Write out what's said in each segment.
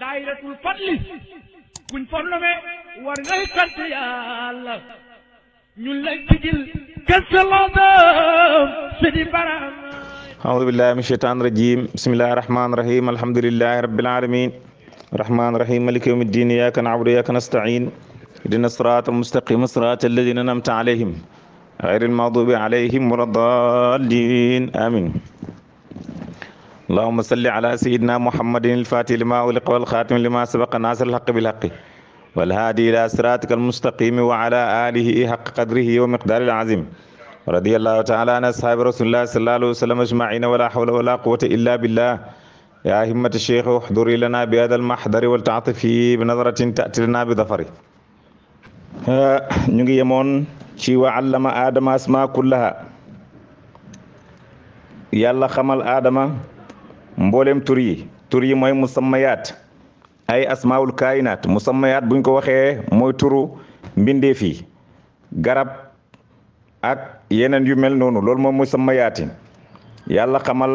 daayiratul fadli buñ fornome war ngay sant yàlla ñun la jigil kësalaadam sidi baram أعوذ بالله من الشيطان الرجيم بسم الله الرحمن الرحيم الحمد لله رب العالمين الرحمن الرحيم مالك يوم الدين إياك نعبد وإياك نستعين اهدنا الصراط المستقيم صراط الذين أنعمت عليهم غير المغضوب عليهم ولا الضالين آمين اللهم صل على سيدنا محمد الفاتح لما أغلق والخاتم لما سبق ناصر الحق بالحق والهادي إلى صراطك المستقيم وعلى آله حق قدره ومقدار العظيم رضي الله تعالى عن أصحاب رسول الله صلى الله عليه وسلم أجمعين ولا حول ولا قوة إلا بالله يا همة الشيخ احضري لنا بهذا المحضر والتعطف بنظرة تأتي لنا بظفره ñu ngi yemoon ci wa allama aadama asmaa kullaha yàlla xamal aadama mboolem tur yi tur yi mooy musammayaat ay asmaawul kaayinaat musammayaat buñ ko waxee mooy turu mbindeef yi garab ak yeneen yu mel noonu loolu mooy musammayaati yàlla xamal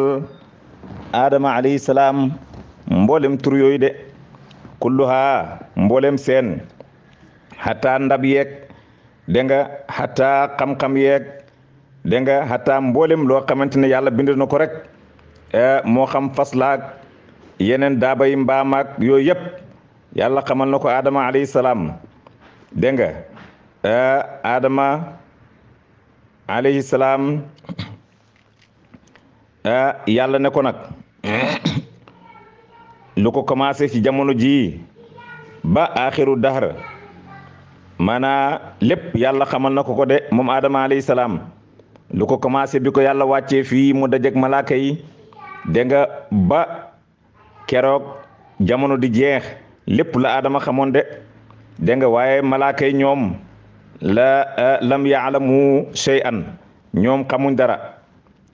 aadama alayhi salaam mboolem tur yooyu de kulluha mboolem seen xataa ndab yeeg dégg nga xataa xam-xam yeeg dégg nga xataa mboolem loo xamante ne yàlla bind na ko rek Eh, moo xam fas yeneen daaba yi mbaamaak yooyu yëpp yàlla xamal na ko Adama alayhi salaam dégg nga eh, Adama alayhi salaam eh, yàlla ne ko nag lu ko commencé ci jamono jii ba axiru dahar maanaa lépp yàlla xamal na ko ko de moom Adama alayhi salaam lu ko commencé bi ko yàlla wàccee fi mu dajeg malaaka yi dégg nga ba keroog jamono di jeex lépp la aadama xamoon de dégg waaye malaaka yi ñoom la euh, lam yaalamu an ñoom xamuñ dara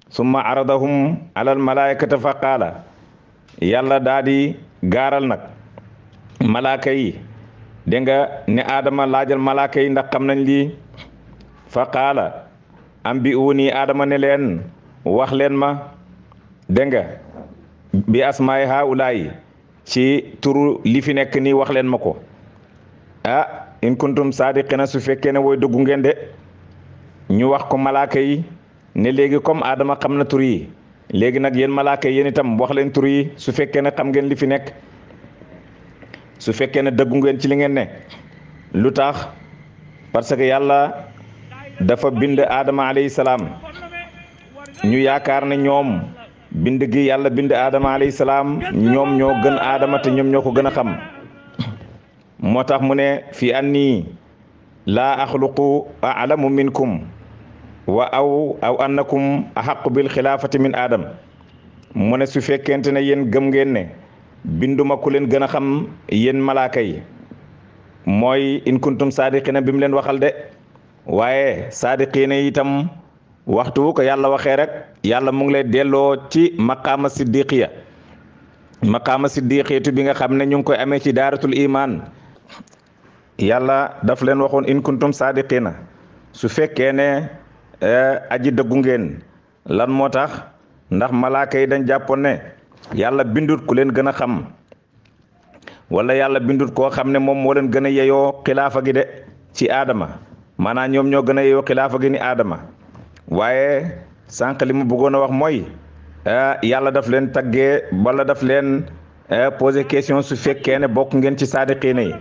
summa aradahum alal malaayikata fa yàlla daa gaaral nag malaaka yi dégg nga ne aadama laajal malaakayi ndax xam nañ lii fa qaala am bi uuni aadama ne leen wax leen ma dégg nga bi asmaay haulaay ci turu li fi nekk nii wax leen ma ko ah in kuntum na su fekkee ne woy dëggu ngeen de ñu wax ko malaaka yi ne léegi comme Adama xam na tur yi léegi nag yéen malaaka yi yéen itam wax leen tur yi su fekkee ne xam ngeen li fi nekk su fekkee ne dëggu ngeen ci li ngeen ne lu tax parce que yàlla dafa bind Adama alayhi salaam ñu yaakaar na ñoom. bind gi yàlla bind aadama alayhi salaam ñoom ñoo gën aadama te ñoom ñoo ko gën a xam moo tax mu ne fi anni laa axluqu alamu minkum wa aw aw annakum axaqu bil xilaafati min aadam mu ne su fekkente ne yéen gëm ngeen ne binduma ku leen gën a xam yéen malaaka yi mooy in kuntum saadiqina bi leen waxal de waaye saadiqina itam waxtu wu ko yàlla waxee rek yàlla mu ngi lay delloo ci maqaama siddiqiya maqaama siddiqiyatu bi nga xam ne ñu ngi koy amee ci daaratul imaan yàlla daf leen waxoon in kuntum saadiqina su fekkee ne eh, aji dëggu ngeen lan moo tax ndax malaaka yi dañ jàppoon ne yàlla bindut ku leen gën a xam wala yàlla bindut koo xam ne moom moo leen gën a yeyoo xilaafa gi de ci aadama maanaam ñoom ñoo gën a yeyoo xilaafa gi ni aadama waaye sànq li mu bëggoon a wax mooy eh, yàlla daf leen taggee wala daf leen eh, poser question su fekkee ne bokk ngeen ci saadiqiina yi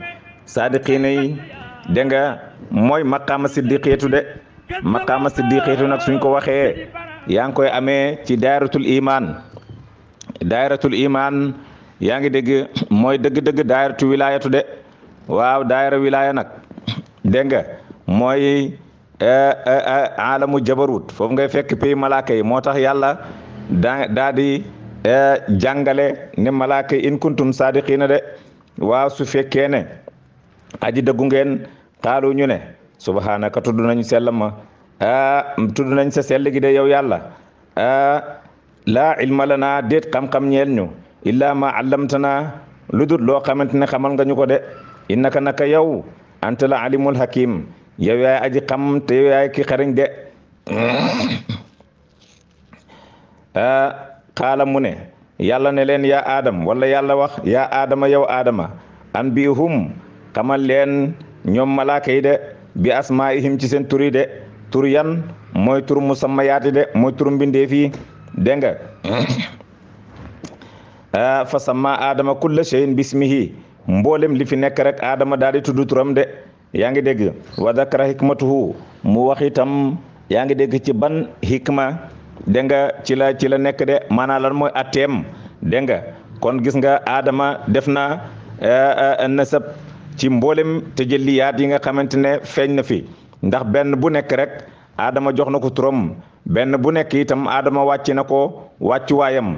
saadiqiina yi dégg nga mooy maqaama siddiqeetu de maqaama siddiqeetu nag suñ ko waxee yaa ngi koy amee ci daayratul imaan daayratul imaan yaa ngi dégg mooy dëgg-dëgg daayaratu wilaayatu de waaw daayara wilaaya nag dégg mooy Eh, eh, eh, alamu jabarut foofu ngay fekk pays malaaka yi moo tax yàlla daa daa di jàngale ne malaaka yi in kuntum saadiqina de waaw su fekkee ne aji dëggu ngeen xaalu ñu ne subhanaka tudd nañ sell ma ah, tudd nañ sa sell gi de yow yàlla ah, laa ilma lana déet xam-xam ñeel ñu illaa ma allamtana lu dut loo xamante ne xamal nga ñu ko de innaka naka yow anta la alimul hakim yow yaay aji xam te yow yaay de ah, xaala mu ne yàlla ne leen ya aadam walla yàlla wax yaa aadama yow aadama an bi hum leen ñoom malaaka yi de bi asmaa ihim ci seen tur yi de tur yan mooy tur musamma yaati de mooy tur mbindeef yi dégg ah, fa sama aadama kulla shay'in bismihi mboolem li fi nekk rek aadama daal di tudd de yaa ngi dégg wa dakara hikmatuhu mu wax itam yaa ngi dégg ci ban hikma dégg nga ci la ci la nekk de maanaam la mooy atteem dégg nga kon gis nga Adama def na eh, eh, nasab ci mboolem tëjëliyaat yi nga xamante ne feeñ na fi ndax benn bu nekk rek Adama jox na ko turam benn bu nekk itam Adama wàcc na ko wàccuwaayam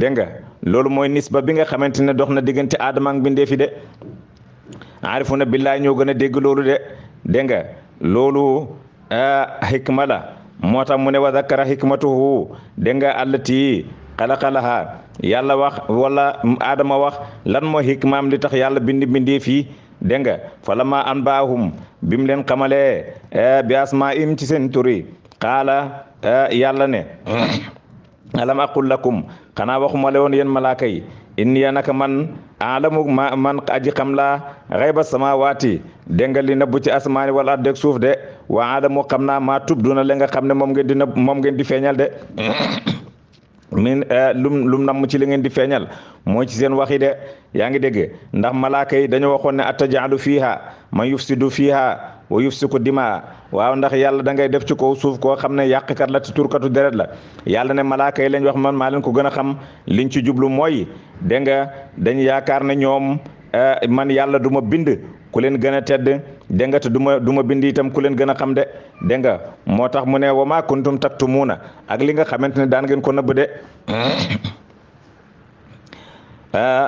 dégg nga loolu mooy nisba bi nga xamante ne dox na diggante Adama ak mbindeefi de. aarifuna billaay ñoo gën a dégg loolu de dégg nga loolu xikma ah, la moo tax mu ne wa zakara xikmatuhu dégg nga yàlla wax wala Adama wax lan mooy xikmaam li tax yàlla bindi bindi fii dégg nga falamma anbaahum bi mu leen xamalee eh, bi asmaa im ci seen turi xaala eh, yàlla ne alam aqul lakum xanaa waxuma le woon yéen malaaka yi inni man aalamu ma man aji xam laa xayba samawaati dégg nga li nëbbu ci asamaani wala ad suuf de wa aalamu xam naa maa tubduna la nga xam ne moom ngeen di nëbb moom ngeen di feeñal de min eh, lum lum namm ci li ngeen di feeñal mooy ci seen wax yi de yaa ngi dégg ndax malaaka yi dañoo waxoon ne atajaalu fiiha man yufsidu fiiha wa yufsiku dimaa waaw ndax yàlla da ngay def ci ko suuf koo xam ne yàqkat la te turkatu deret la yàlla ne malaaka yi lañ wax man maa leen ko gën a xam liñ ci jublu mooy dégg nga dañu yaakaar ne ñoom eh, man yàlla du ma bind ku leen gën a tedd dégg te du ma du ma bind itam ku leen gën a xam de dégg nga moo tax mu ne wa maa kuntum taktumuuna ak li nga xamante ne daan ngeen ko nëbb de eh,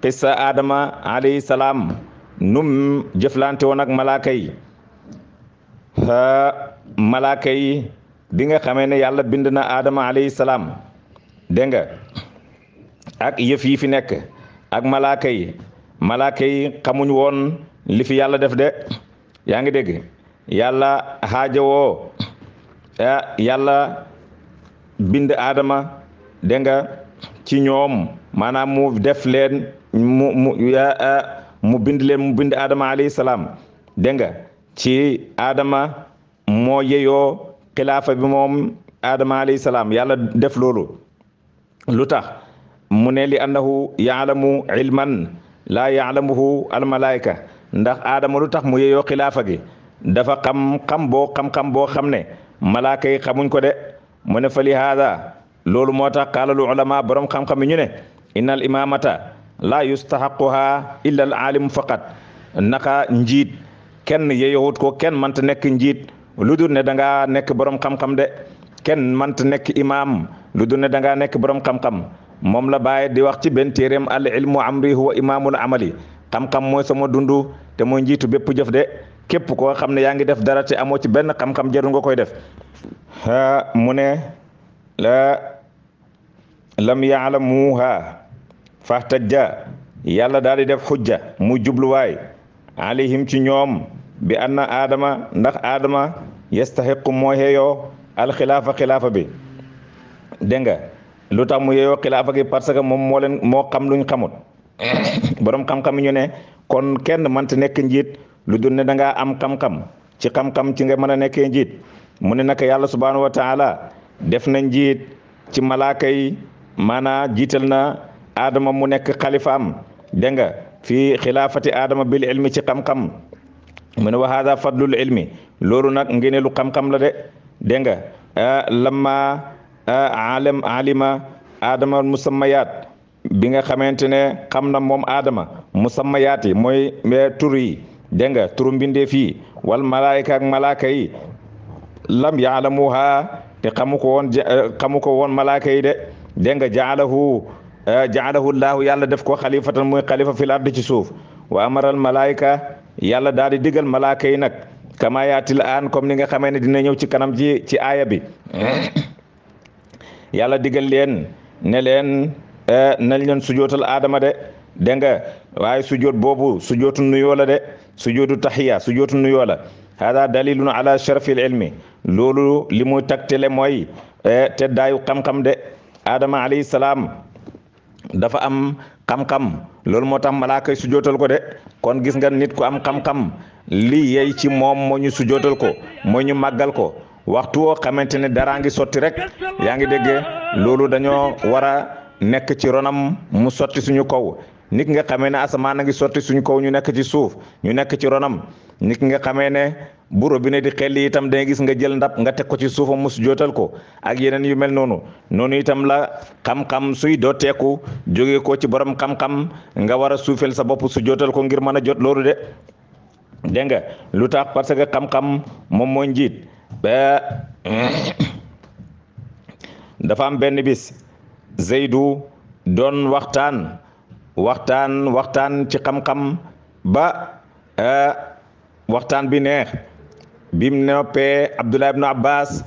qissa Adama alayhi salaam num jëflante woon ak malaaka yi malaaka yi bi nga xamee ne yàlla bind na Adama alayhi salaam dégg ak yëf yi fi nekk ak malaaka yi malaaka yi xamuñ woon li fi yàlla def de yaa ngi dégg yàlla xaajawoo ah, yàlla bind aadama dégg ci ñoom maanaam mu def leen mu ah, ah, bind leen mu bind aadama alayhi salaam dégg nga ci aadama moo yeyoo xilaafa bi moom aadama alayhi salaam yàlla def loolu lu tax mu ne li annahu yaalamu ilman laa yaalamuhu almalayka ndax aadama lu tax mu yeyoo kilaafa gi dafa xam-xam boo xam-xam boo xam ne malaaka yi xamuñ ko de mu ne fa li haada loolu moo tax qaalalu ulama boroom xam-xam yi ñu ne inal al imamata laa yustahaquha illa al aalimu faqat naka njiit kenn yeyowut ko kenn mënta nekk njiit lu dul ne da nekk boroom xam-xam de kenn mënta nekk imaam lu dul da ngaa nekk borom xam-xam moom la bàyyi di wax ci benn téeréem al ilmu amri huwa imaamul amali xam-xam mooy sama dund te mooy njiitu bépp jëf de képp koo xam ne yaa ngi def dara te amoo ci benn xam-xam jarul nga koy def mu ne la lam yaalamuha fahtajja yàlla daal di def xujja mu jubluwaay alayhim ci ñoom bi anna aadama ndax aadama yastaxiqu moo xeeyoo alxilaafa xilaafa bi dégg lu tax mu yeyoo xilaafa gi parce que moom moo leen moo xam luñ xamut borom xam-xam yi ñu ne kon kenn mënta nekk njiit lu dul ne da am xam-xam ci xam-xam ci nga mën a nekkee njiit mu ne naka yàlla subhaanahu wa taala def na njiit ci malaakay yi maanaa jiital na aadama mu nekk kalifa am dégg nga fii xilaafati aadama bil ilmi ci xam-xam mu ne wa fadlul ilmi loolu nag ngeen lu xam la de dégg nga ah, alam alima aadama musammayaat bi nga xamante ne xam na moom aadama musammayaat yi mooy tur yi dégg nga turu mbindeef yi wal malaayika ak malaaka yi lam yaalamuha te xamu ko woon xamu ko woon malaaka yi de dégg nga jaalahu jaalahu laahu yàlla def ko xalifatan muy xalifa fil ardi ci suuf wa amaral malaayika yàlla daal di digal malaaka yi nag kama yaatil aan comme ni nga xamee dina ñëw ci kanam ci ci aaya bi yàlla digal leen ne leen eh, nañ leen sujootal aadama de dégg nga waaye sujoot boobu sujootu nuyoo la de sujootu taxiya sujootu nuyoo la hada dalilun ala sharafil ilmi loolu li muy tagtele mooy eh, te daayu xam de aadama alayhi salaam dafa am xam-xam loolu moo tax malaaka yi sujootal ko de kon gis nga nit ku am xam-xam li yey ci moom moo ñu sujootal ko moo ñu màggal ko waxtu woo xamante ne daraa ngi sotti rek yaa ngi dégg loolu dañoo war a nekk ci ronam mu sotti suñu kaw nit nga xamee ne asamaan a ngi sotti suñu kaw ñu nekk ci suuf ñu nekk ci ronam nit nga xamee ne bu robinet di xelli itam dangay gis nga jël ndab nga teg ko ci suufam mus jootal ko ak yeneen yu mel noonu noonu itam la xam-xam suy dooteeku jóge ko ci borom xam-xam nga war a suufel sa bopp su jootal ko ngir mën a jot loolu de dégg lu moom mooy njiit ba am benn bis Zeydu doon waxtaan waxtaan waxtaan ci xam-xam ba eh, waxtaan bi neex bim pe Abdullah ibnu Abbas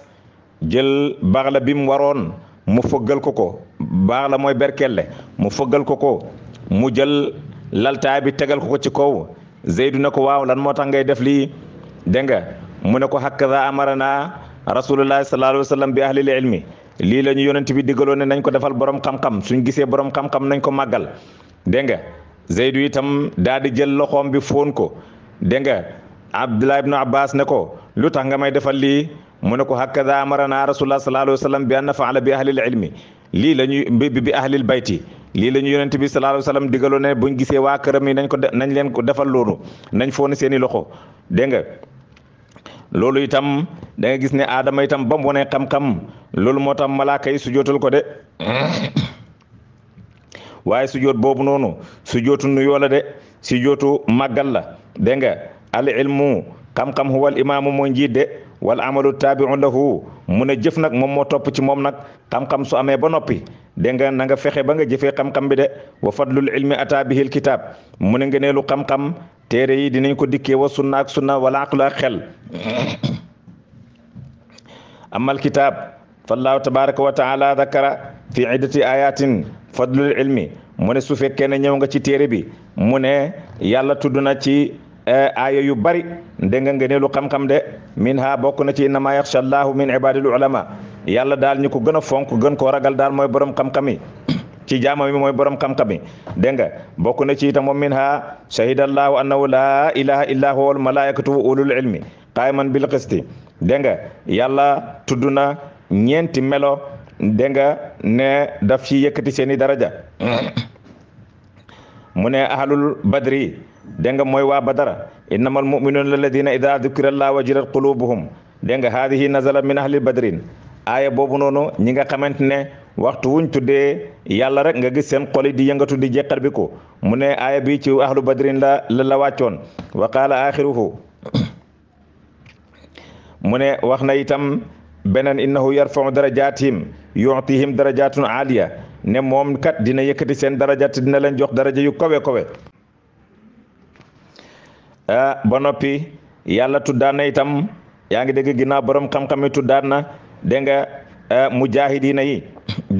jël baaxla la bi mu waroon mu fëggal ko ko baax mooy berkelle mu fëggal ko ko mu jël laltaay bi tegal ko ko ci kaw Zeydu na ko waaw lan moo tax ngay def lii dégg mu ne ko hakada amarana rasulullahi sallallahu alayhi wa sallam bi ahlil ilmi lii la ñu yonent bi digaloon ne nañ ko defal borom xam-xam suñ gisee borom xam-xam nañ ko màggal dégg nga Zeydu itam daal di jël loxoom bi foon ko dégg nga Abdullah ibnu Abbas ne ko lu tax nga may defal lii mu ne ko hakada amarana rasulullah sallallahu alayhi wa sallam bi an nafaala bi ahlil ilmi lii la ñuy bi bi ahlil bayti lii la ñu yonent bi sallallahu alayhi wa sallam digaloon ne buñ gisee waa këram yi nañ ko nañ leen ko defal loolu nañ foon seeni loxo dégg nga loolu itam da gis ne aadama itam ba mu wone xam loolu moo tax malaaka yi sujootal ko de waaye sujoot boobu noonu sujootu nuyoo la de sujootu màggal la dégg nga al ilmu xam-xam huwal imaamu mooy njiit de wal amalu taabiun lahu mu ne jëf nag moom moo topp ci moom nag xam-xam su amee ba noppi dégg nga na nga fexe ba nga jëfee xam-xam bi de wa lu ilmi ata bihil kitaab mu ne ngëneelu xam-xam téere yi dinañ ko dikke wa sunna ak sunna wala aqlu ak xel amal kitaab fallaahu tabaraka wa taala dakara fi iddati ayatin fadlul ilmi mu ne su fekkee ne ñëw nga ci téere bi mu ne yàlla tudd na ci eh, aaya yu bari dégg nga ngëneelu xam-xam de min ha bokk na ci innama yaxsha allahu min ibadil ulama yàlla daal ñu ko gën a fonk gën koo ragal daal mooy borom xam-xam yi ci jaama bi mooy borom xam-xam yi dégg nga bokk na ci itam moom min ha shahidallahu annahu laa ilaha illa huwa wal malaikatu wa ulul ilmi qaiman bil qisti dégg nga yàlla tudd na ñeenti melo dégg nga ne daf ci yëkkati seeni daraja mu ne ahlul badri dégg nga mooy waa badara innamal mu'minuna alladina ida dukira allah wajilat qulubuhum dégg nga haadihi nazala min ahli badrin aaya boobu noonu ñi nga waxtu wuñ tuddee yàlla rek nga gis seen xol yi di yëngatu di jeqar bi ko mu ne aaya bi ci ahlu badrin la la la wàccoon wa qaala axiruhu mu ne wax na itam beneen innahu yarfau darajatihim yu'tihim darajatun aaliya ne moom kat dina yëkkati seen daraja te dina leen jox daraja yu kowe kowe ah, ba noppi yàlla tuddaan na itam yaa ngi dégg ginnaaw borom xam-xam yi tuddaan na dégg nga ah, mujahidiina yi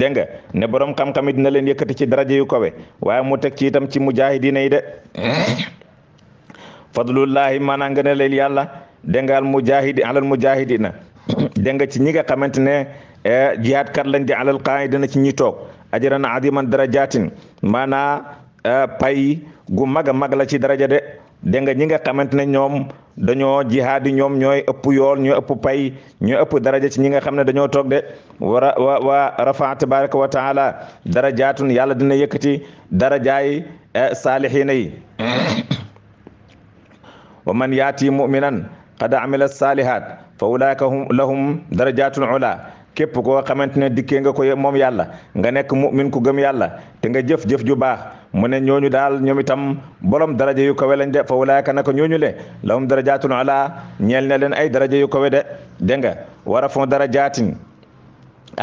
dégg nga ne borom xam-xam it na leen yëkkati ci daraja yu kawe waaye mu teg ci itam ci mujaahidiina yi de fadlullahi maanaam nga ne leen yàlla dégg nga al mujaahidi alal mujaahidiina dégg nga ci ñi nga xamante ne eh, jihaad kat lañ di alal qaa'idina ci ñi toog ajran adiman darajaatin maanaa eh, pay gu mag a mag la ci daraja de dégg nga ñi nga xamante ne ñoom. dañoo jihaad yi ñoom ñooy ëpp yool ñooy ëpp pay ñooy ëpp daraja ci ñi nga xam ne dañoo toog de wara wa wa rafa tabaraka wa taala darajaatun yàlla dina yëkkati darajaay eh, saalihiina yi wa man yaati muminan qad amila saalihaat fa ulaika hum lahum darajaatun ula képp koo xamante ne dikkee nga ko moom yàlla nga nekk mumin ku gëm yàlla te nga jëf-jëf ju baax mu ne ñooñu daal ñoom itam borom daraja yu kawe lañ de fa walaayaka naka ñooñu le lahum darajaatun ala ñeel na leen ay daraja yu kawe de dégg nga war a fon darajaatin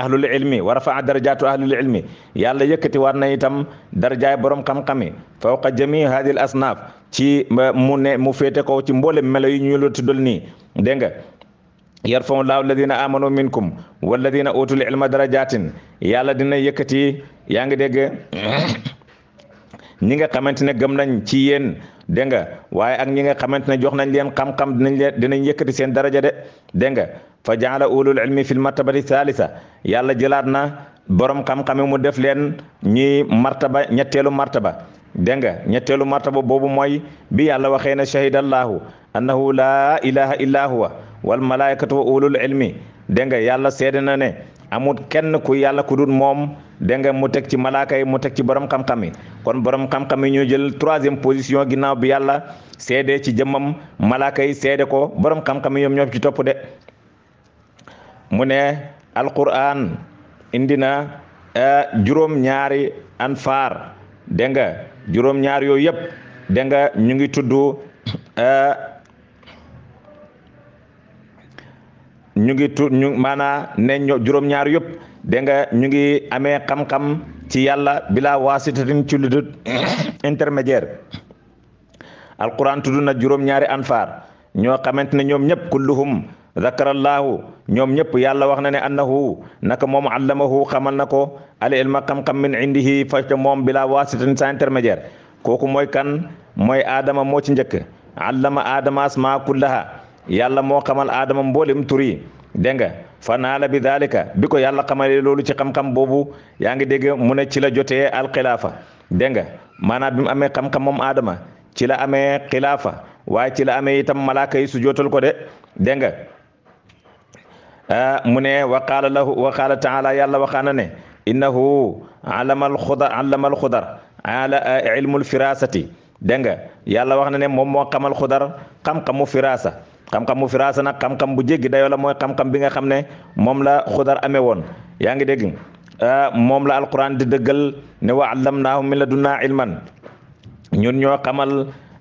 ahlul ilmi wa rafaa darajaatu ahlul ilmi yàlla yëkkati war na itam darajaay borom xam-xami fawqa jami hadil asnaaf ci mu ne mu féete ko ci mboolem melo yi ñu la tuddal nii dégg nga yarfau laahu alladina amanu minkum walladina utul ilma darajatin yàlla dina yëkkati yaa ngi dégg ñi nga xamante ne gëm nañ ci yéen dégg nga waaye ak ñi nga xamante ne jox nañ leen xam-xam dinañ leen dinañ yëkkati seen daraja de dégg nga fa jaala ulul ilmi fil martabati salisa yàlla jëlaat na borom xam-xame mu def leen ñi martaba ñetteelu martaba dégg nga ñetteelu martaba boobu mooy bi yàlla waxee ne shahidallahu annahu laa ilaha illa huwa wal malaikatu wa ulul ilmi dégg nga yàlla seede na ne amut kenn ku yàlla ku dul moom dégg nga mu teg ci malaaka yi mu teg ci borom xam-xam kon borom xam-xam yi ñoo jël troisième position ginnaaw bi yàlla seede ci jëmmam malaaka yi seede ko borom xam-xam yi ñoom ci topp de mu ne alquran indi na eh, juróom-ñaari anfaar dégg nga juróom-ñaar yooyu yëpp dégg ñu ngi tudd. Eh, ñu ngi tu ñu maanaa ne juróom-ñaar yëpp dégg nga ñu ngi amee xam ci yàlla bila waasitatin ci lu dul intermédiaire alquran tudd na juróom-ñaari anfaar ñoo xamante ne ñoom ñëpp kulluhum zakarallahu ñoom ñëpp yàlla wax na ne annahu naka moom allamahu xamal na ko al ilma xam-xam min indi fa ca moom bila waasitatin sans intermédiaire kooku mooy kan mooy aadama moo ci njëkk allama aadama asmaa kullaha yàlla moo xamal aadama mboolem turi dégg nga fa naa bi daalika bi ko yàlla xamale loolu ci xam-xam boobu yaa ngi dégg mu ne ci la jotee alxilaafa dégg nga maanaam bi mu amee xam-xam moom aadama ci la amee xilaafa waaye ci la amee itam malaaka yi su jootal ko de dégg nga ah, mu ne wa qaala lahu wa taala yàlla waxaana ne innahu alamal xudar alamal xudar ala ilmul firasati dégg nga yàlla wax na ne moom moo xamal xudar xam-xamu firasa xam-xam mu firaasa nag xam-xam bu jéggi dayoo la mooy xam-xam bi nga xam ne moom la xudar amee woon yaa ngi dégg ah, moom la alquran di dëggal ne wa allamnaahu min ladunnaa ilman ñun ñoo xamal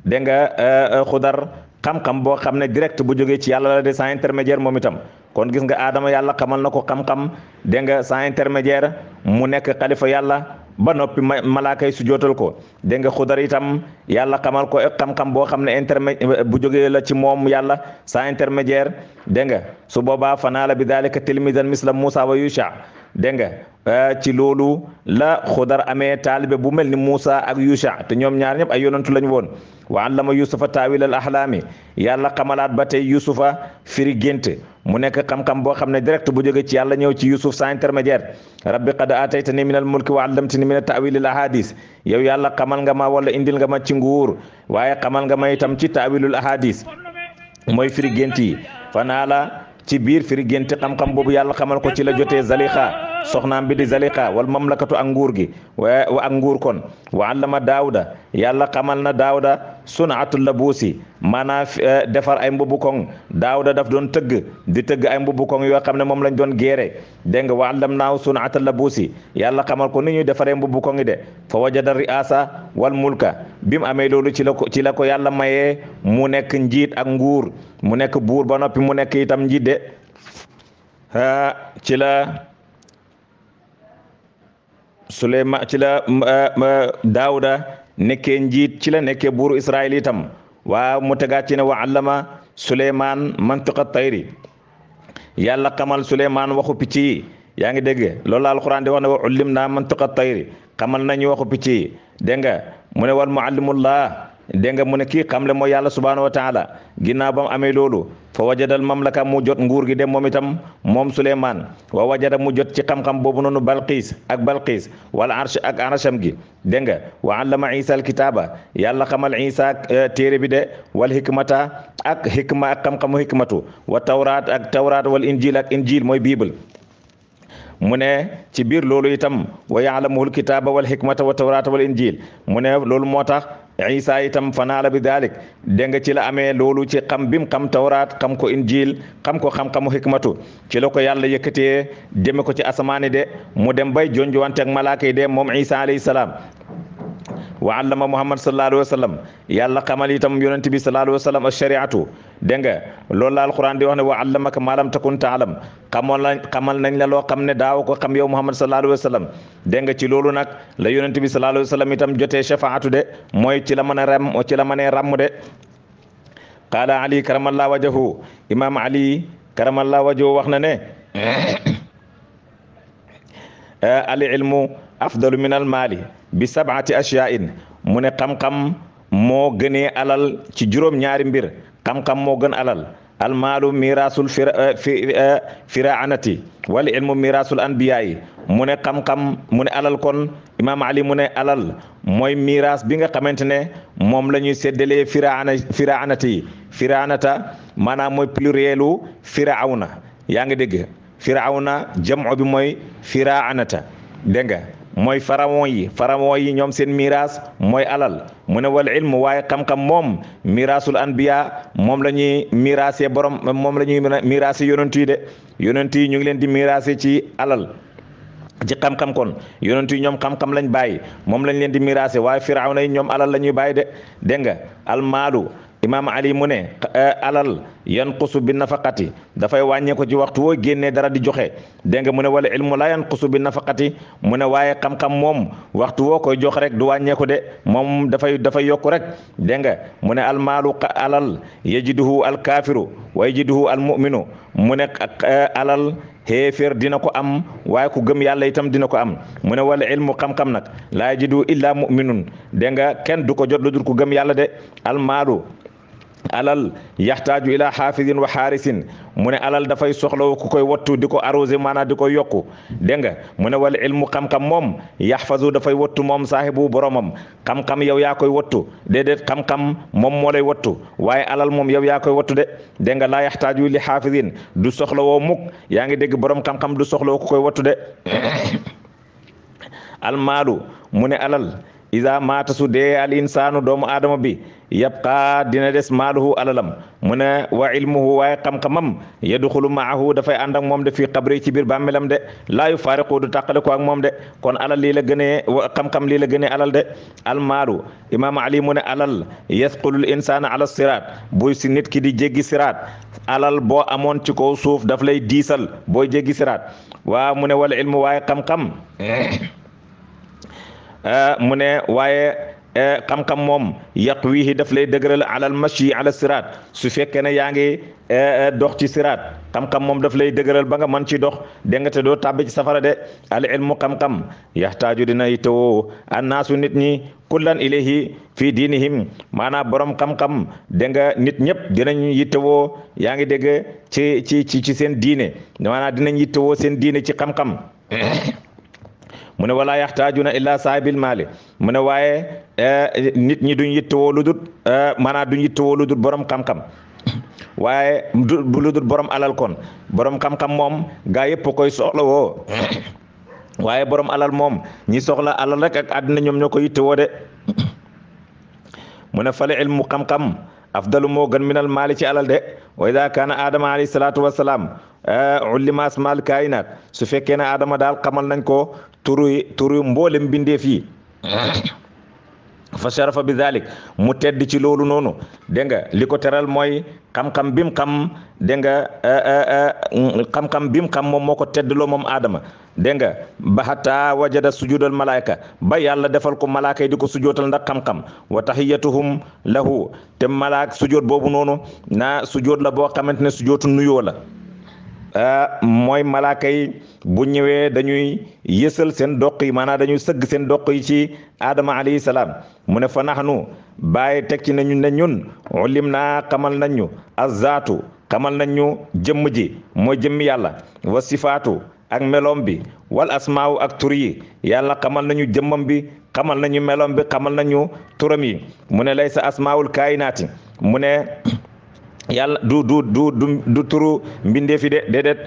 dégg nga ah, ah, xudar xam-xam boo xam ne direct bu jógee ci yàlla la de sans intermédiaire moom itam kon gis nga aadama yàlla xamal na ko xam-xam dégg nga sans intermédiaire mu nekk xalifa yàlla ba noppi ma malaakay su jootal ko dégg nga xudar itam yàlla xamal ko xam-xam boo xam ne intermédiaire bu jógee la ci moom yàlla sans intermédiaire dégg nga su boobaa fanaala bi daalika tilmidan misla Moussa wa Yusha dégg nga euh, ci loolu la xudar amee taalibe bu mel ni Moussa ak Yusha te ñoom ñaar ñëpp ay yonantu lañu woon wa allama yusufa taawil al ahlaami yàlla xamalaat ba tey yusufa firi gént mu nekk xam-xam boo xam ne direct bu jóge ci yàlla ñëw ci yusuf sans intermédiaire rabbi qad aataytani min al mulki wa allamtani min taawil al ahadis yow yàlla xamal nga ma wala indil nga ma ci nguur waaye xamal nga ma itam ci taawilul ahadis mooy firi gént yi fanaa ci biir firi gént xam-xam boobu yàlla xamal ko ci la jotee zalixa soxnaam bi di zaliqa wal mamlakatu ak nguur gi wa ak nguur kon wa allama daawuda yàlla xamal na daawuda sunaatu labuusi maanaam eh, defar ay mbubu koŋ daawuda daf doon tëgg di tëgg ay mbubu koŋ yoo xam ne moom lañ doon géere dégg nga wa allam naaw sunaata labuusi yàlla xamal ko ni ñuy defaree mbubu koŋ yi de fa wajada riasa wal mulka bi mu amee loolu ci la ko ci la yàlla mayee mu nekk njiit ak nguur mu nekk buur ba noppi mu nekk itam njiit de ci suleyman ci la eh, daawuda nekke njiit ci la nekkee buuru israil itam waa mu tegaat ci ne wa allama suleyman mantiqa tayri yàlla xamal suleyman waxu picci yi yaa ngi dégg loolu la alquran di wax ne wa ullim naa mantiqa tayri xamal nañu waxu picc yi dégg mu ne wal muallimullah dégg nga mu ne kii xam le mooy yàlla subhaanahu wa taala ginnaaw ba amee loolu fa wajadal mamlaka mu jot nguur gi de moom itam moom Suleymaan wa wajada mu jot ci xam-xam boobu noonu Balqiis ak Balqiis wala arsh ak arsham gi dégg nga wa allama Isa alkitaaba yàlla xamal Isa euh, téere bi de wal hikmata ak hikma ak hikmatu wa tawraat ak wal injil ak injil mooy bible mu ci biir loolu itam wa yaalamul kitaaba wal hikmata wa wal injil mu loolu moo tax isa itam fanaa bi dalik dégg nga ci la amee loolu ci xam bim xam tawraat xam ko injil xam ko xam-xamu hikmatu ci la ko yàlla yëkkatee jëme ko ci asamaani de mu dem bay jonjuwante ak malaaka yi de moom isa alayhi wa allama muhammad sallallahu alayhi wa sallam yàlla xamal itam yonent bi sallallahu alayhi wa sallam al shariatu dégg nga loolu la alquran di wax ne wa allamaka ma lam takun taalam xamoon la xamal nañ la loo xam ne daaw ko xam yow muhammad sallallahu alayhi wa sallam dégg nga ci loolu nag la yonent bi sallallahu alayhi wa sallam itam jotee shafaatu de mooy ci la mën a ram ci la mënee ràmm de qaala ali karamallah wajahu imam ali karamallah wajahu wax na ne al ilmu afdalu min al bi sabaati ashyain mu ne xam-xam moo gënee alal ci juróom-ñaari mbir xam-xam moo gën alal almaalu miraasul firaanati eh, eh, wal ilmu miraasul anbiyaayi mu ne xam-xam mu ne alal kon imaam ali mu alal mooy miraas bi nga xamante ne moom la ñuy séddalee firaana firaanati firaanata maanaam mooy plurielu firaawna yaa ngi dégg firaawna jamoo bi mooy firaanata dégg nga mooy pharaon yi pharaon yi ñoom seen miraas mooy alal mu ne wal ilmu waaye xam-xam moom miraasul anbiya moom la ñuy miraase borom moom la ñuy miraase yonent yi de yonent yi ñu ngi leen di miraase ci alal ci xam-xam kon yonent yi ñoom xam-xam lañ bàyyi moom lañ leen di miraase waaye firawna yi ñoom alal la ñuy bàyyi de dégg nga almaalu imaam ali mu ne eh, alal yanqusu bi nafaqati dafay wàññeeku ci waxtu woo génnee dara di joxe dégg nga mu ne wala ilmu la yanqusu bi nafaqati mu ne waaye xam-xam moom waxtu woo koy jox rek du wàññeeku de moom dafay dafay yokku rek dégg nga mu ne almaalu alal yajiduhu alkaafiru wa yajiduhu almuminu mu ne eh, alal xéeféer dina ko am waaye ku gëm yàlla yitam dina ko am mu ne wala ilmu xam-xam nag laa yajidu illa muminun dégg nga kenn du ko jot lu dul ku gëm yàlla de almaalu alal yaxtaaju ila xaafisin wa xaarisin mu ne alal dafay soxlawo ku koy wattu di ko arrosé maanaam ko yokku dégg nga mu ne wal ilmu xam-xam moom yaxfasu dafay wattu moom saahibu boromam am xam yow yaa koy wattu déedéet xam moom moo lay wattu waaye alal moom yow yaa koy wattu de dégg nga laa yaxtaaju li xaafisin du soxlawoo mukk yaa ngi dégg borom xam du soxlawoo ku koy wattu de almaalu mu ne alal isa maata su dee al insaanu doomu aadama bi yabqa dina des maaluhu alalam mu ne wa ilmuhu waaye xam-xamam yadxulu maahu dafay ànd ak moom de fii xabri ci biir bàmmelam de laayu faariqu du tàqale ko ak moom de kon alal lii la gënee xam-xam lii la gënee alal de almaalu imaam ali mu ne alal yasqulul insaana ala siraat buy si nit ki di jéggi siraat alal boo amoon ci kaw suuf daf lay diisal boo jéggi siraat waaw mu ne ilmu waaye xam-xam eh. Eh, mu waaye Eh, xam-xam moom yàq wii daf lay dëgëral alal mashi ala siraat su fekkee ne yaa ngi eh, eh, dox ci siraat xam-xam moom daf lay dëgëral ba nga man ci dox dégg nga te doo tàbbi ci safara de al ilmu xam-xam yaxtaaju dina yittewoo annaasu nit ñi kullan ilayhi fii diinihim maanaam borom xam-xam dégg nga nit ñëpp dinañ yittewoo yaa ngi dégg ci ci ci ci seen diine maanaam dinañ yittewoo seen diine ci xam-xam mu ne walaa yaxtaajuna illaa saahibil maali mu ne waaye eh, nit ñi duñ yittewoo lu dut eh, maanaa duñ yittewoo lu dut borom xam-xam waaye du lu borom alal kon borom xam-xam moom gaa yëpp koy soxla woo waaye borom alal moom ñi soxla alal rek ak àdduna ñoom ñoo ko yittewoo de mu ne fale ilmu xam-xam afdalu moo gën minal maali ci alal de wa ida kaana aadama alayhi salaatu wasalaam eh, ullima asmaal kaayinaat su fekkee ne aadama daal xamal nañ ko turu turu mboolem bindeef fii fa sharafa bi dalik mu tedd ci loolu noonu dégg nga li ko teral mooy xam-xam bi mu xam dégg nga euh, euh, euh, xam-xam bi mu xam moom moo ko teddloo moom aadama dégg nga ba hatta wajada sujudal malaayka ba yàlla defal ko malaaka yi di ko sujootal ndax xam-xam wa tahiyatuhum lahu te malaak sujoot boobu noonu naa sujoot la boo xamante ne sujootu nuyoo la Euh, mooy malaaka yi bu ñëwee dañuy yësal seen doq yi maanaam dañuy sëgg seen doq yi ci aadama alayhi salaam mu ne fa naxnu bàyyi teg ci nañu ne ñun lim naa xamal nañu azaatu xamal nañu jëmm ji mooy jëmm yàlla wa sifaatu ak meloom bi wal asmaaw ak tur yi yàlla xamal nañu jëmmam bi xamal nañu meloom bi xamal nañu turam yi mu ne laysa asmaawul kaayinaati mu ne yàlla du du du du turu mbindeefi de déedéet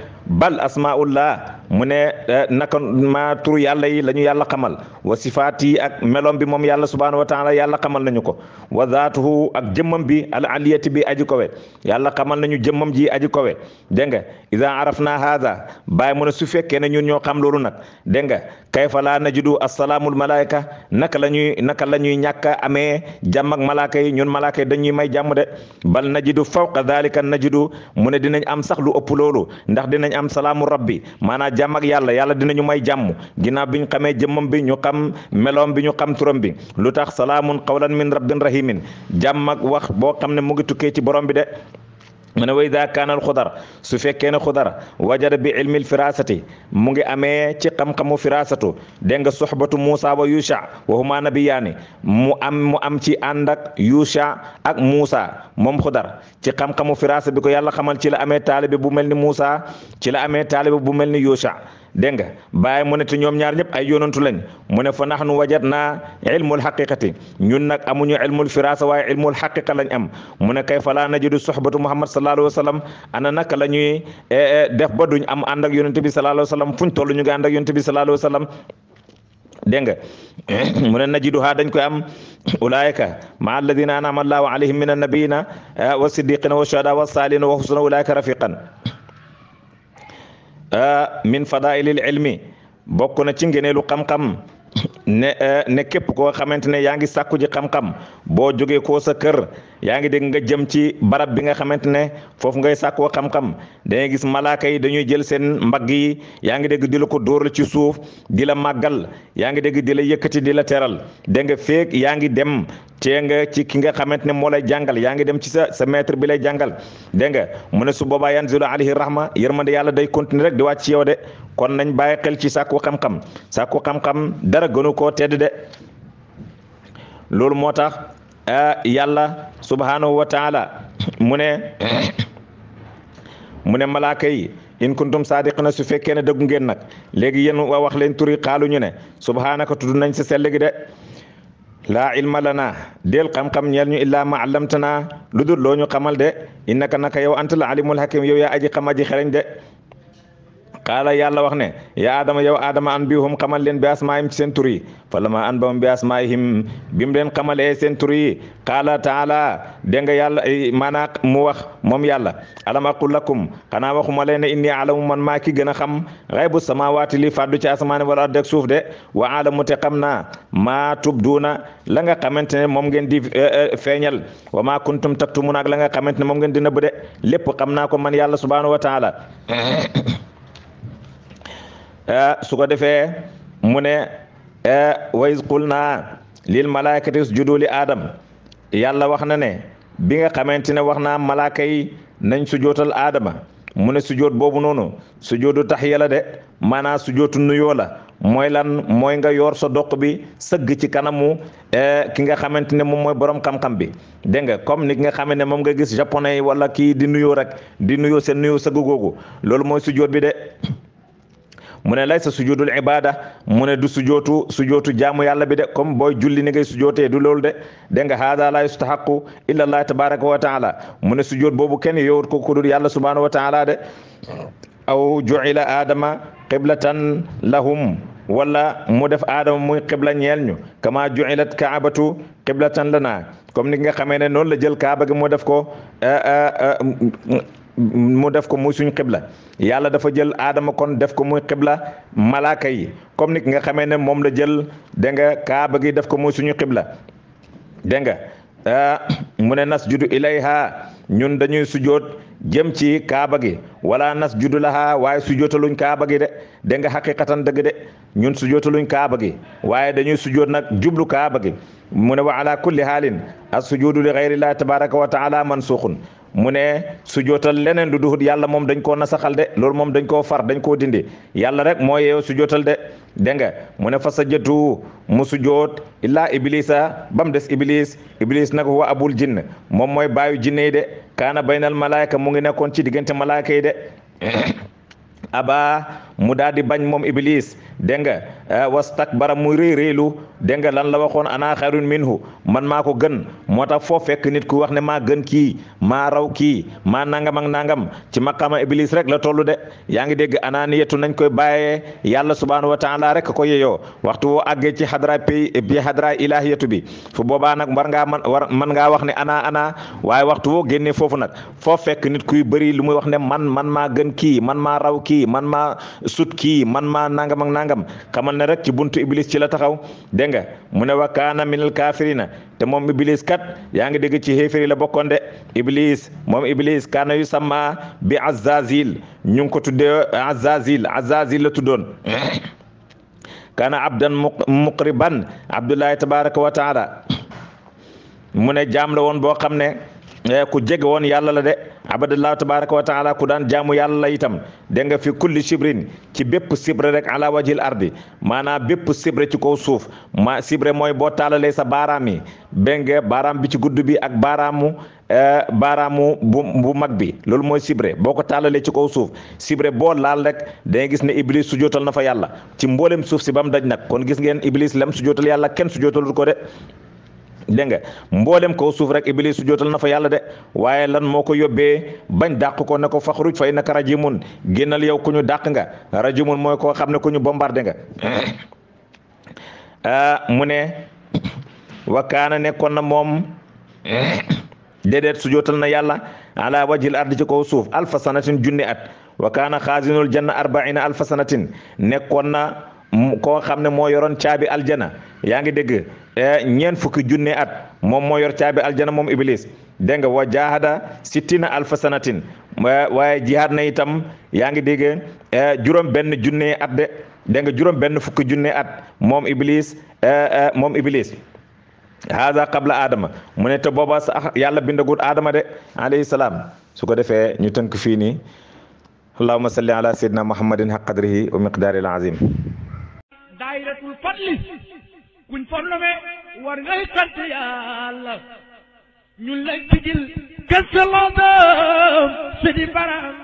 bal asmaullah mu ne eh, naka maa tur yàlla yi la ñu yàlla xamal wa sifaat yi ak melom bi moom yàlla subhaanahu wa taala yàlla xamal nañu ko wa zaatuhu ak jëmmam bi al aliyati bi aji kowe yàlla xamal nañu jëmmam ji aji kowe dégg nga iza arafna haada bàyyi mu ne su fekkee ne ñun ñoo xam loolu nag dégg nga kayfa laa najidu assalaamul malaayka naka la ñuy naka la ñuy ñàkk amee jàmm ak yi ñun malaaka dañuy may jàmm de bal najidu fawqa dalika najidu mu ne dinañ am sax lu ëpp loolu ndax dinañ am salaamu jàmm ak yàlla yàlla dinañu may jàmm ginnaaw bi ñu xamee jëmmam bi ñu xam meloom bi ñu xam turam bi lu tax salaamun qawlan min rabbin rahimin jàmm ak wax boo xam ne mu ngi tukkee ci borom bi de mu ne wa ida kaanal xudar su fekkee ne xudar wajada bi ilmil firasati mu ngi amee ci xam-xamu firasatu dégg nga soxbatu Moussa wa Yuusha wa huma nabiyaani mu am mu am ci ànd ak Yuusha ak Moussa moom xudar ci xam-xamu firasa bi ko yàlla xamal ci la amee taalibe bu mel ni Moussa ci la amee taalibe bu mel ni Yuusha dégg nga bàyyi mu ne te ñoom ñaar ñëpp ay yonantu lañ mu ne fa nahnu wajadna ilmul xaqiqati ñun nag amuñu ilmul firasa waaye ilmul xaqiqa lañ am mu ne kay falaa najidu sohbatu muhammad sallallahu alayhi wa sallam ana naka la ñuy eh, eh, def ba duñ am ànd ak yonente bi sallallahu alayhi wa sallam toll ñu ngi ànd bi sallallahu alayhi wa sallam dégg nga mu ne najiduha dañ koy am ulaayka maa alladina anama allahu alayhim min annabiyina eh, wa siddiqina wa shuhada wa salihina wa husna ulaayka rafiqan Ah, min fadailil ilmi bokk na ci ngeneelu xam-xam ne eh, ne képp koo xamante ne yaa ngi sàkku ji xam-xam boo jógee koo sa kër yaa ngi dégg nga jëm ci barab bi nga xamante ne foofu ngay sàkkoo xam-xam dangay gis malaaka yi dañuy jël seen mbagg yi yaa ngi dégg di la ko dóoral ci suuf di la màggal yaa ngi dégg di la yëkkati di la teral dégg nga yaa ngi dem tee nga ci ki nga xamante ne moo lay jàngal yaa ngi dem ci sa sa maître bi lay jàngal dégg nga mu ne su boobaa yanzilu alayhi rahma yërmande yàlla day continuer rek di wàcc ci yow de kon nañ bàyyi xel ci sàkku xam-xam sàkku xam-xam dara gënu koo tedd de loolu moo tax yàlla subhanahu wa taala mu ne mu ne malaaka yi in kuntum saadiqina su fekkee ne dëggu ngeen nag léegi yéen wa wax leen turi xaalu ñu ne subhanaka tudd nañ si sell gi de laa ilma lana del xam-xam ñeel ñu illaa ma allamtana lu dul loo ñu xamal de innaka naka yow anta la alimul hakim yow yaa aji xam aji xereñ de qaala yàlla wax ne yaa adama yow adama an bihum xamal leen bi asmaayim ci seen tur yi fa lama an bam bi asmaayihim bi mu leen xamalee seen tur yi qaala taala dégg nga yàlla eh, maanaa mu wax moom yàlla alam aqul lakum xanaa waxuma leen ne inni alamu man maa ki gën a xam xaybu samawaati li fàddu ci asamaani wala ard ak suuf de wa alamu te xam naa maa tubduuna la nga xamante ne moom ngeen di eh, eh, feeñal wa maa kuntum taktumuna ak la nga xamante ne moom ngeen di nëbb de lépp xam naa ko man yàlla subhanahu wa taala Eh, su ko defee mu ne eh, wa iz qulnaa lil malaa'ikati isjudu li aadam yàlla wax na ne bi nga xamante ne wax naa malaaka yi nañ sujootal aadama mu ne sujoot boobu noonu sujootu tax la de maanaam sujootu nuyoo la mooy lan mooy nga yor sa doq bi sëgg ci kanamu eh, ki nga xamante ne moom mooy borom xam-xam bi dégg nga comme ni nga xamante ne moom nga gis japonais yi wala kii di nuyoo rek di nuyoo seen nuyoo sëgg googu loolu mooy sujoot bi de. mu ne laysa sujudul ibada mu ne du sujootu sujootu jaamu yàlla bi de comme booy julli ni ngay sujootee du loolu de dégg nga haada la yustahaqu illa allah tabaraka wa taala mu ne boobu kenn yowut ko ku dul yàlla subhanahu wa taala de aw ju'ila adama qiblatan lahum walla mu def aadama muy qibla ñeel ñu kama ju'ilat kaabatu qiblatan lana comme ni nga xamee ne noonu la jël kaaba gi mu def ko eh, eh, eh, mu def ko muy suñ xibla yàlla dafa jël aadama kon def ko muy xibla malaaka yi comme ni nga xamee ne moom la jël dégg nga kaaba gi def ko muy suñu xibla dégg nga ah, mu ne nas judu ilayha ñun dañuy sujoot jëm ci kaaba gi wala nas judu laha waaye sujootaluñ kaaba gi de dégg nga xaqiqatan dëgg de ñun sujootaluñ kaaba gi waaye dañuy sujoot nag jublu kaaba gi mu ne wa ala kulli haalin as sujudu li gayrillahi tabaraka wa taala mansuuxun mu ne sujootal leneen lu duhut yàlla moom dañ koo nasaxal de loolu moom dañ koo far dañ koo dindi yàlla rek moo yeew sujootal de dégg nga mu ne fa sajjatu mu sujoot illaa iblisa ba mu des iblis iblis nag huwa abul jinn moom mooy baayu jinne yi de kaana baynal malaayka mu ngi nekkoon ci diggante malaayka yi de abaa mu daal di bañ moom iblis dégg nga Eh, wastakbara mu rëy rëylu dégg nga lan la waxoon ana xayrun minhu man maa ko gën moo tax foo fekk nit ku wax ne maa gën maa raw kii maa nangam ak nangam ci maqaama iblis rek la tollu de yaa ngi dégg anaaniyatu nañ koy bàyyee yàlla subhaanahu wa taala rek ko yeyoo waxtu woo àggee ci xadra pay bi bi fu boobaa nag war ngaa man war mën ngaa wax ne ana ana waaye waxtu woo foofu nag foo fekk nit kuy bëri lu muy wax ne man man maa gën kii man maa raw kii man maa sut kii man maa nangam ak nangam xamal ne rek ci buntu iblis ci la taxaw dégg nga mu ne wa kaana minal kaafirina te moom iblis kat yaa ngi dégg ci xéeféri la bokkoon de moom iblis kaana yu sama bi azazil ñu ngi ko tuddee azazil azazil la tuddoon kaana abdan muqriban abdullahi tabaraka wa taala mu ne jaam woon boo xam ne eh, ku jege woon yàlla la de abadallahu tabaraka wa taala ku daan jaamu yàlla itam dégg nga fi kulli sibrin ci bépp sibre rek ala wajil ardi maanaam bépp sibre ci kaw suuf ma sibre mooy boo taalalee sa baaraam yi benga baaraam bi ci gudd bi ak baaraamu eh, baaraamu bu bu mag bi loolu mooy sibre boo ko taalalee ci kaw suuf sibre boo laal rek dangay gis ne iblis su jootal na fa yàlla ci mboolem suuf si ba mu daj nag kon gis ngeen iblis lam su jootal yàlla kenn su jootalul ko de dégg nga mboolem kaw suuf rek iblis su jootal na fa yàlla de waaye lan moo ko yóbbee bañ dàq ko ne ko faxruj fay naka rajimun génnal yow ku ñu dàq nga rajimun mooy koo xam ne ku ñu bombardé nga ah, mu ne wakaana nekkoon na moom déedéet su jootal na yàlla ala wajil ardi ci kaw suuf alfa sanatin junni at wakaana xaasinul janna arbaina alfa sanatin nekkoon na ko xam ne moo yoroon caabi aljana yaa ngi dégg E ñeent fukki junne at moom moo yor caabi aljana moom iblis dégg nga wa jaahada sittina alfa sanatin waaye jihaad na itam yaa ngi dégg e juróom benn junne at de dégg nga juróom benn fukki junne at moom iblis e, moom iblis haada qabla adama mu ne te booba yàlla bindagut adama de alayhi salaam su ko defee ñu tënk fii nii allahumma salli ala sayyidina muhammadin haq qadrihi wa miqdaaril azim kuñ fa nome war ngay sant yàlla ñun lañ sigil gëstaloon sidi baram